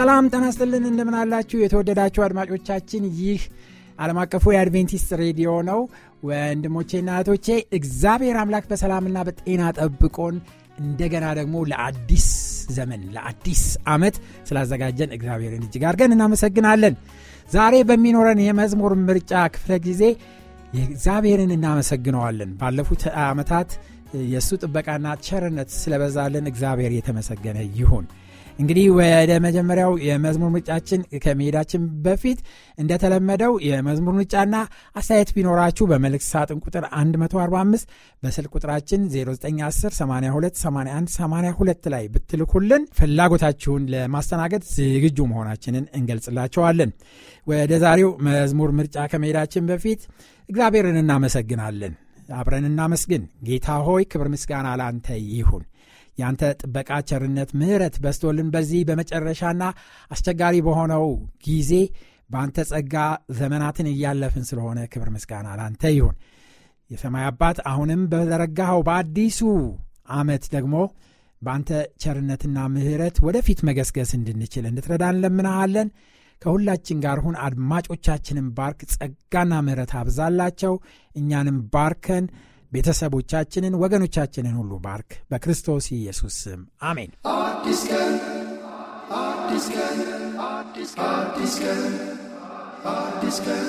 ሰላም ጠናስጥልን እንደምናላችሁ የተወደዳችሁ አድማጮቻችን ይህ ዓለም አቀፉ የአድቬንቲስት ሬዲዮ ነው ወንድሞቼና እህቶቼ እግዚአብሔር አምላክ በሰላምና በጤና ጠብቆን እንደገና ደግሞ ለአዲስ ዘመን ለአዲስ ዓመት ስላዘጋጀን እግዚአብሔርን እጅግ አድርገን እናመሰግናለን ዛሬ በሚኖረን የመዝሙር ምርጫ ክፍለ ጊዜ እግዚአብሔርን እናመሰግነዋለን ባለፉት ዓመታት የእሱ ጥበቃና ቸርነት ስለበዛልን እግዚአብሔር የተመሰገነ ይሁን እንግዲህ ወደ መጀመሪያው የመዝሙር ምርጫችን ከመሄዳችን በፊት እንደተለመደው የመዝሙር ምርጫና አስተያየት ቢኖራችሁ በመልእክት ሳጥን ቁጥር 145 በስልክ ቁጥራችን 0910828182 ላይ ብትልኩልን ፍላጎታችሁን ለማስተናገድ ዝግጁ መሆናችንን እንገልጽላቸዋለን። ወደ ዛሬው መዝሙር ምርጫ ከመሄዳችን በፊት እግዚአብሔርን እናመሰግናለን። አብረን እናመስግን። ጌታ ሆይ ክብር ምስጋና ላንተ ይሁን። ያንተ ጥበቃ፣ ቸርነት፣ ምሕረት በስቶልን በዚህ በመጨረሻና አስቸጋሪ በሆነው ጊዜ በአንተ ጸጋ ዘመናትን እያለፍን ስለሆነ ክብር ምስጋና ላንተ ይሁን። የሰማይ አባት አሁንም በዘረጋኸው በአዲሱ ዓመት ደግሞ በአንተ ቸርነትና ምሕረት ወደፊት መገስገስ እንድንችል እንድትረዳ እንለምናሃለን። ከሁላችን ጋር ሁን። አድማጮቻችንን ባርክ፣ ጸጋና ምሕረት አብዛላቸው። እኛንም ባርከን ቤተሰቦቻችንን፣ ወገኖቻችንን ሁሉ ባርክ። በክርስቶስ ኢየሱስ ስም አሜን። አዲስ ቀን አዲስ ቀን አዲስ ቀን አዲስ ቀን አዲስ ቀን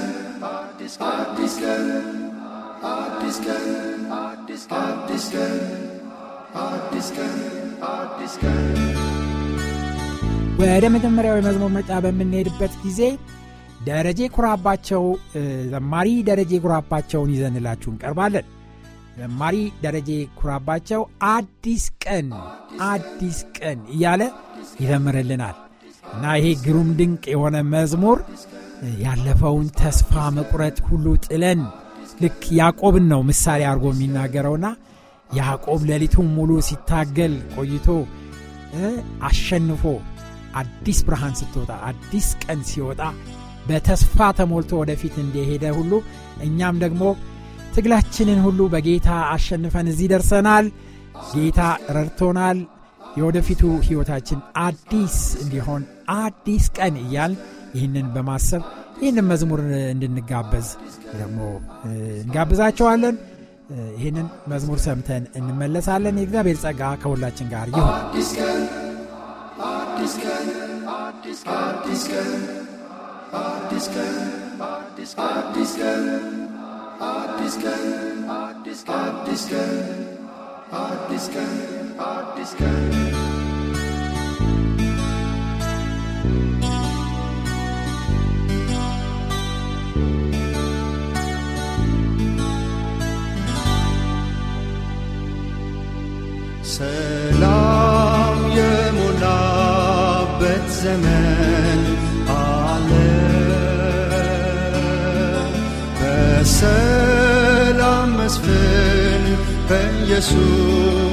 አዲስ ቀን አዲስ ቀን አዲስ ቀን አዲስ ቀን ወደ መጀመሪያው የመዝሙር ምርጫ በምንሄድበት ጊዜ ደረጀ ኩራባቸው ዘማሪ ደረጀ ኩራባቸውን ይዘንላችሁ እንቀርባለን። ዘማሪ ደረጀ ኩራባቸው አዲስ ቀን አዲስ ቀን እያለ ይዘምርልናል እና ይሄ ግሩም ድንቅ የሆነ መዝሙር ያለፈውን ተስፋ መቁረጥ ሁሉ ጥለን ልክ ያዕቆብን ነው ምሳሌ አድርጎ የሚናገረውና ያዕቆብ ሌሊቱን ሙሉ ሲታገል ቆይቶ አሸንፎ አዲስ ብርሃን ስትወጣ አዲስ ቀን ሲወጣ በተስፋ ተሞልቶ ወደፊት እንደሄደ ሁሉ እኛም ደግሞ ትግላችንን ሁሉ በጌታ አሸንፈን እዚህ ደርሰናል። ጌታ ረድቶናል። የወደፊቱ ሕይወታችን አዲስ እንዲሆን አዲስ ቀን እያል ይህንን በማሰብ ይህንን መዝሙር እንድንጋበዝ ደግሞ እንጋብዛቸዋለን። ይህንን መዝሙር ሰምተን እንመለሳለን። የእግዚአብሔር ጸጋ ከሁላችን ጋር ይሁን። አዲስ ቀን አዲስ ቀን አዲስ ቀን አዲስ ቀን አዲስ ቀን አዲስ ቀን አዲስ ቀን አዲስ ቀን አዲስ ቀን አዲስ ቀን Jesús.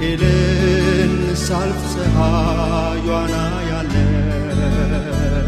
إلين سالف سها يوانا يالين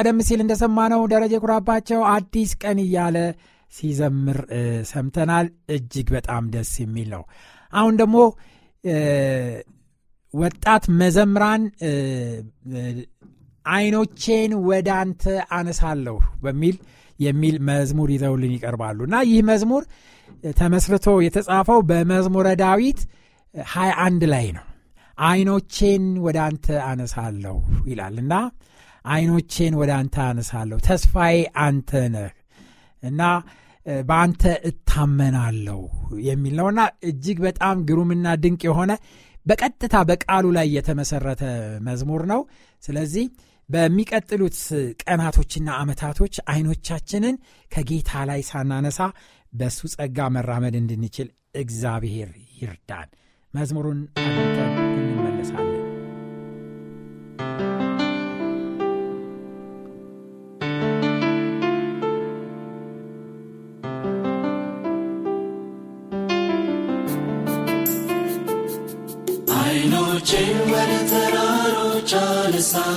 ቀደም ሲል እንደሰማነው ደረጀ ኩራባቸው አዲስ ቀን እያለ ሲዘምር ሰምተናል። እጅግ በጣም ደስ የሚል ነው። አሁን ደግሞ ወጣት መዘምራን አይኖቼን ወደ አንተ አነሳለሁ በሚል የሚል መዝሙር ይዘውልን ይቀርባሉ እና ይህ መዝሙር ተመስርቶ የተጻፈው በመዝሙረ ዳዊት 21 ላይ ነው። አይኖቼን ወደ አንተ አነሳለሁ ይላል እና አይኖቼን ወደ አንተ አነሳለሁ ተስፋዬ አንተ ነህ እና በአንተ እታመናለሁ የሚል ነውና እጅግ በጣም ግሩምና ድንቅ የሆነ በቀጥታ በቃሉ ላይ የተመሰረተ መዝሙር ነው ስለዚህ በሚቀጥሉት ቀናቶችና አመታቶች አይኖቻችንን ከጌታ ላይ ሳናነሳ በሱ ጸጋ መራመድ እንድንችል እግዚአብሔር ይርዳን መዝሙሩን አድምጠን ሻል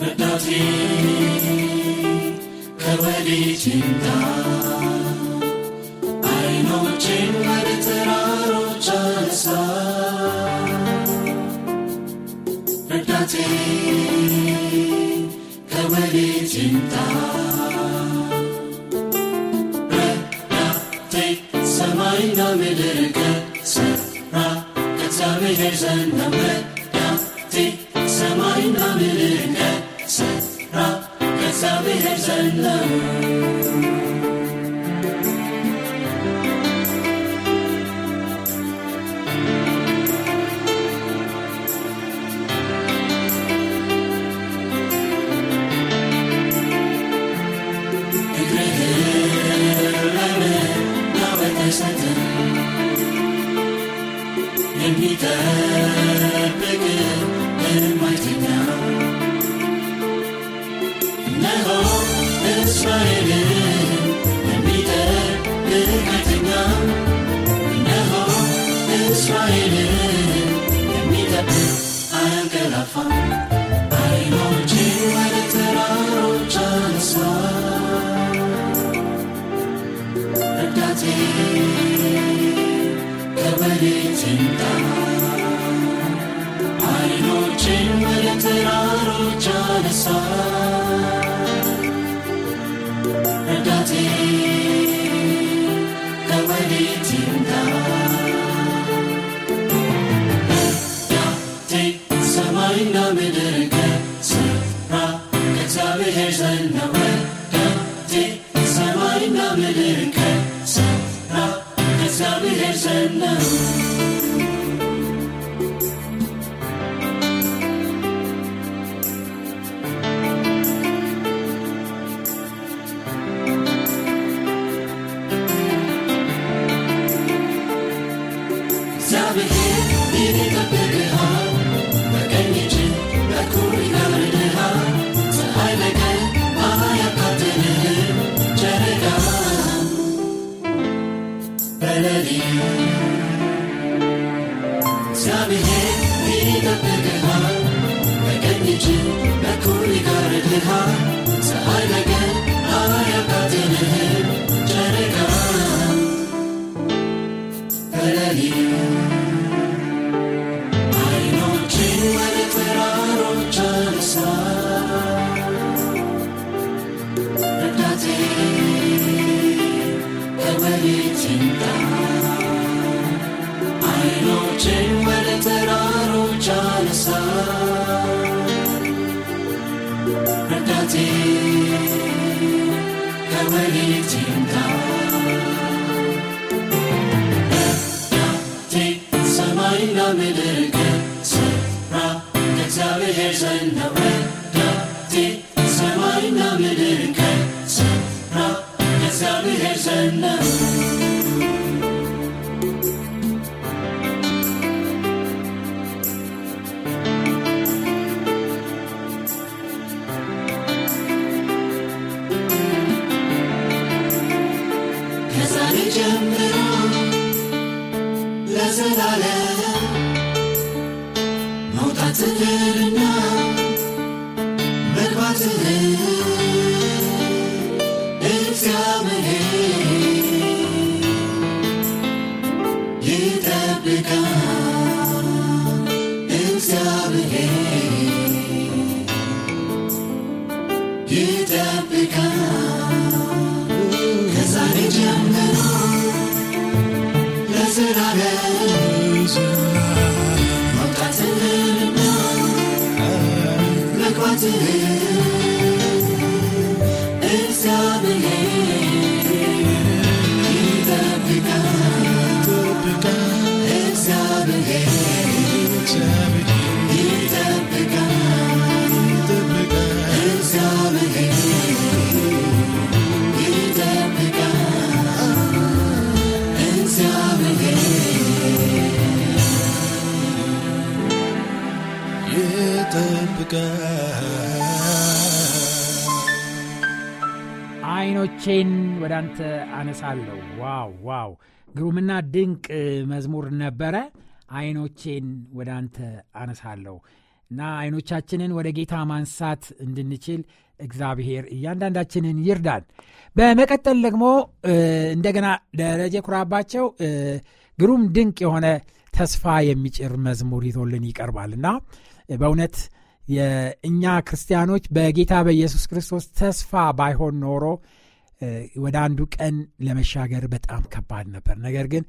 ረዳቴ ከወዴት ይምጣ? Number. Israel we Kawali Tim Tao. Africa. ዓይኖቼን ወደ አንተ አነሳለሁ። ዋው ዋው! ግሩምና ድንቅ መዝሙር ነበረ። አይኖቼን ወደ አንተ አነሳለሁ እና አይኖቻችንን ወደ ጌታ ማንሳት እንድንችል እግዚአብሔር እያንዳንዳችንን ይርዳል በመቀጠል ደግሞ እንደገና ደረጀ ኩራባቸው ግሩም ድንቅ የሆነ ተስፋ የሚጭር መዝሙር ይዞልን ይቀርባል እና በእውነት የእኛ ክርስቲያኖች በጌታ በኢየሱስ ክርስቶስ ተስፋ ባይሆን ኖሮ ወደ አንዱ ቀን ለመሻገር በጣም ከባድ ነበር። ነገር ግን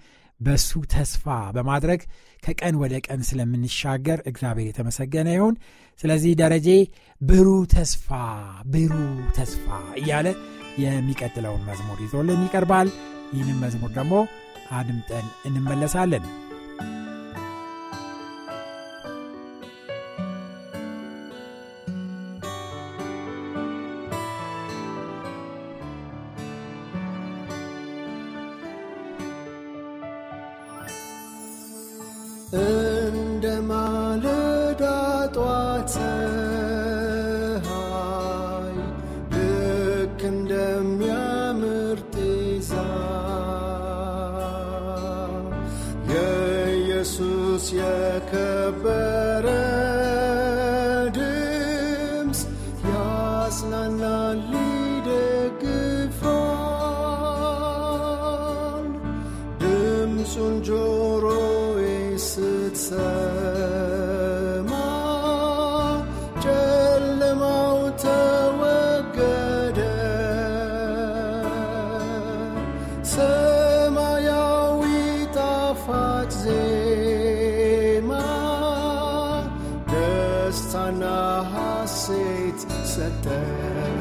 በሱ ተስፋ በማድረግ ከቀን ወደ ቀን ስለምንሻገር እግዚአብሔር የተመሰገነ ይሁን። ስለዚህ ደረጀ ብሩህ ተስፋ ብሩህ ተስፋ እያለ የሚቀጥለውን መዝሙር ይዞልን ይቀርባል። ይህንም መዝሙር ደግሞ አድምጠን እንመለሳለን። aceite cette terre.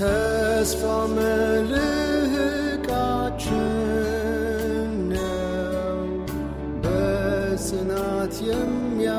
ተስፋ መልህቃችን ነው በጽናት የሚያ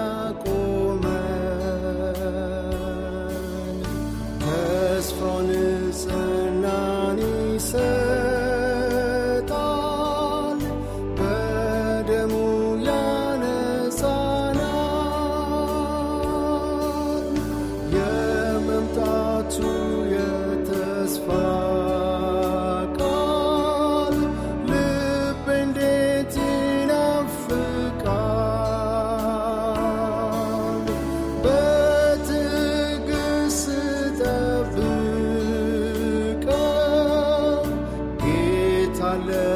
alem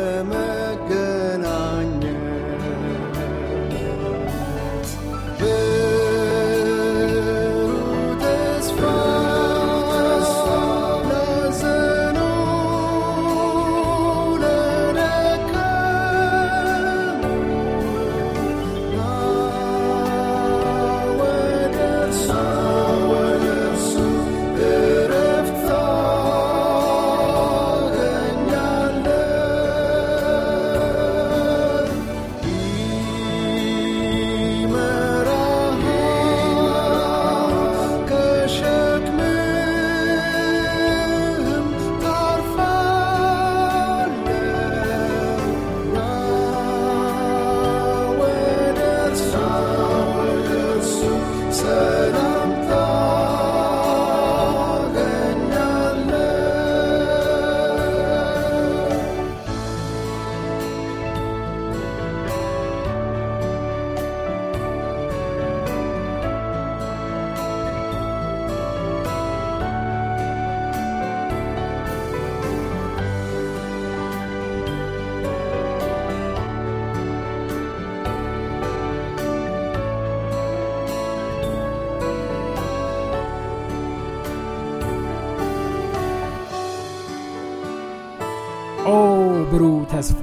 ተስፋ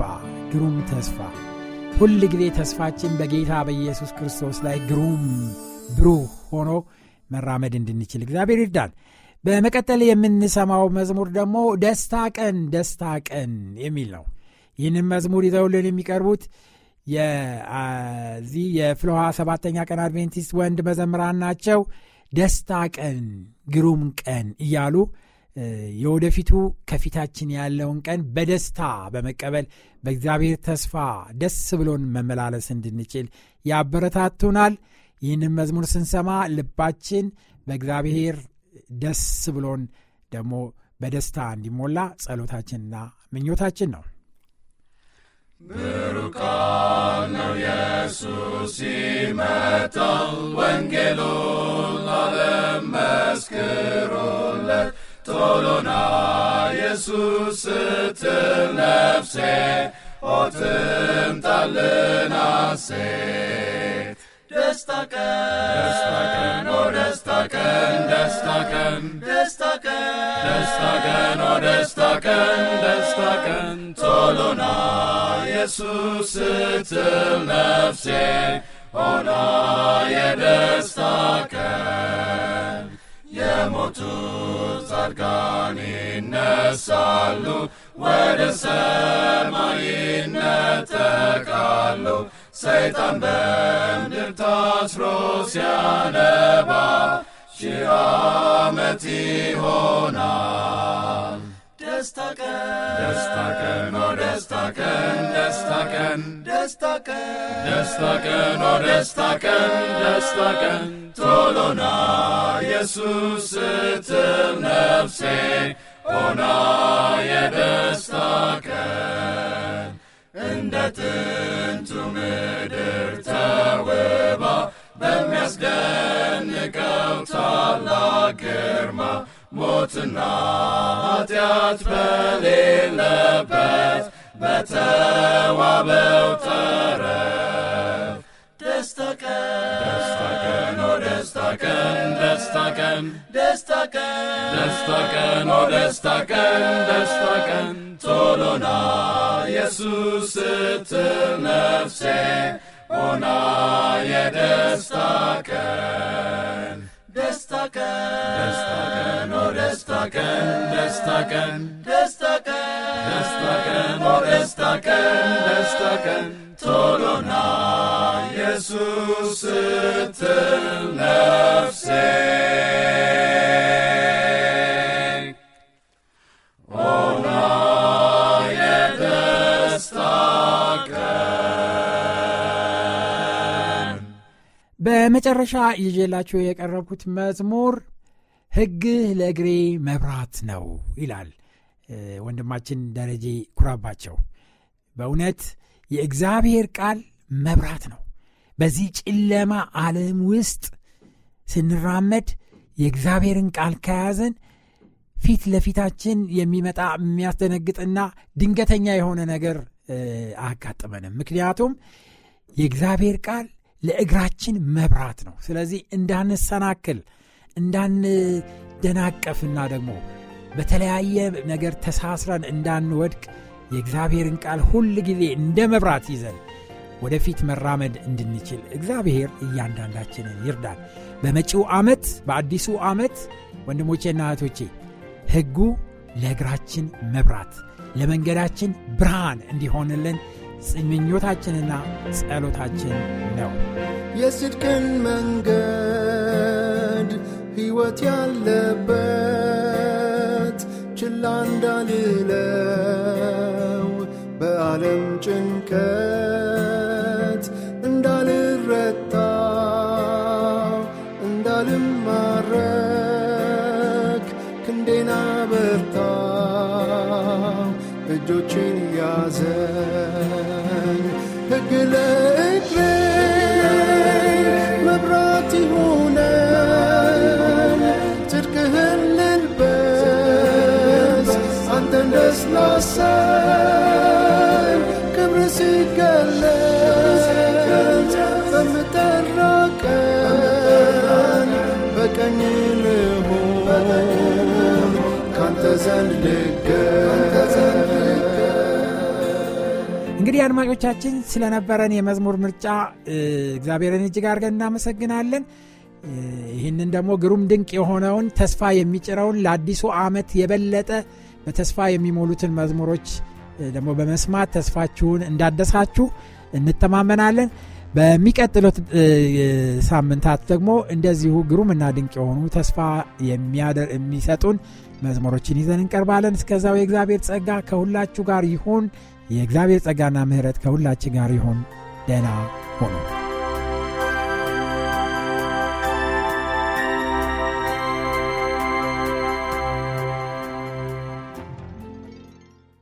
ግሩም ተስፋ ሁል ጊዜ ተስፋችን በጌታ በኢየሱስ ክርስቶስ ላይ ግሩም ብሩህ ሆኖ መራመድ እንድንችል እግዚአብሔር ይርዳን። በመቀጠል የምንሰማው መዝሙር ደግሞ ደስታ ቀን ደስታ ቀን የሚል ነው። ይህንም መዝሙር ይዘውልን የሚቀርቡት የዚህ የፍልውሃ ሰባተኛ ቀን አድቬንቲስት ወንድ መዘምራን ናቸው። ደስታ ቀን ግሩም ቀን እያሉ የወደፊቱ ከፊታችን ያለውን ቀን በደስታ በመቀበል በእግዚአብሔር ተስፋ ደስ ብሎን መመላለስ እንድንችል ያበረታቱናል። ይህንን መዝሙር ስንሰማ ልባችን በእግዚአብሔር ደስ ብሎን ደግሞ በደስታ እንዲሞላ ጸሎታችንና ምኞታችን ነው። ብሩካን ነው ኢየሱስ ሲመጣ ወንጌሉን ዓለም መስክሮለት ቶሎና ኢየሱስ ስትል ነፍሴ ኦትምጣልን አሴት ደስታ ቀን ኦ ደስታ ቶሎና ኢየሱስ ስትል ነፍሴ ሆና ከሞቱት ጻድቃን ይነሳሉ፣ ወደ ሰማይ ይነጠቃሉ። ሰይጣን በምድር ታስሮ ሲያነባ ሺህ ዓመት ይሆናል። Destaken, destaken, oh destaken, destaken, destaken, destaken, oh destaken, destaken. ቶሎና ኢየሱስ ስትል ነፍሴ ሆና የደስታ ቀን እንደ ጥንቱ ምድር ተውባ በሚያስደንቀው ታላቅ ግርማ ሞትና ኃጢአት በሌለበት በተዋበው ተረፍ ደስታቀን ደስታቀን ደስታቀን ቀን ኦ ደስታ ቶሎና ኢየሱስ ስትል ነፍሴ ሆና የደስታ ቀን ደስታ ቀን ደስታ ቀን ደስታ ቀን ደስታ ቀን ደስታ ቀን ደስታ ቀን ነፍሴ በመጨረሻ ይዤላችሁ የቀረብኩት መዝሙር ሕግህ ለእግሬ መብራት ነው ይላል ወንድማችን ደረጀ ኩራባቸው። በእውነት የእግዚአብሔር ቃል መብራት ነው። በዚህ ጨለማ ዓለም ውስጥ ስንራመድ የእግዚአብሔርን ቃል ከያዘን ፊት ለፊታችን የሚመጣ የሚያስደነግጥና ድንገተኛ የሆነ ነገር አያጋጥመንም። ምክንያቱም የእግዚአብሔር ቃል ለእግራችን መብራት ነው። ስለዚህ እንዳንሰናክል፣ እንዳንደናቀፍና ደግሞ በተለያየ ነገር ተሳስረን እንዳንወድቅ የእግዚአብሔርን ቃል ሁል ጊዜ እንደ መብራት ይዘን ወደፊት መራመድ እንድንችል እግዚአብሔር እያንዳንዳችንን ይርዳል። በመጪው ዓመት በአዲሱ ዓመት ወንድሞቼና እህቶቼ ሕጉ ለእግራችን መብራት ለመንገዳችን ብርሃን እንዲሆንልን ምኞታችንና ጸሎታችን ነው። የጽድቅን መንገድ ሕይወት ያለበት ችላ እንዳልለው በዓለም ጭንቀት እንዳልረታ እንዳልማረክ ክንዴና በርታ እጆችን ያዘ እንግዲህ አድማጮቻችን ስለነበረን የመዝሙር ምርጫ እግዚአብሔርን እጅግ አድርገን እናመሰግናለን። ይህንን ደግሞ ግሩም ድንቅ የሆነውን ተስፋ የሚጭረውን ለአዲሱ ዓመት የበለጠ በተስፋ የሚሞሉትን መዝሙሮች ደግሞ በመስማት ተስፋችሁን እንዳደሳችሁ እንተማመናለን። በሚቀጥሉት ሳምንታት ደግሞ እንደዚሁ ግሩምና ድንቅ የሆኑ ተስፋ የሚሰጡን መዝሙሮችን ይዘን እንቀርባለን። እስከዛው የእግዚአብሔር ጸጋ ከሁላችሁ ጋር ይሁን። የእግዚአብሔር ጸጋና ምህረት ከሁላችን ጋር ይሁን። ደና ሆኑ።